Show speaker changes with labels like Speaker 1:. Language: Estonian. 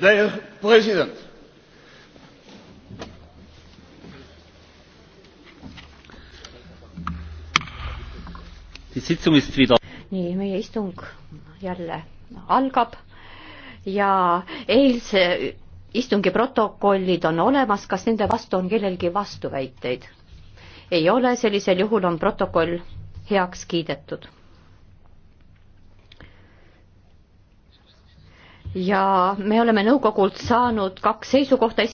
Speaker 1: Dear President,
Speaker 2: nii, meie istung jälle algab ja eilse istungi protokollid on olemas, kas nende vastu on kellelgi vastuväiteid? ei ole, sellisel juhul on protokoll heaks kiidetud ja
Speaker 3: me oleme nõukogult saanud kaks seisukohta.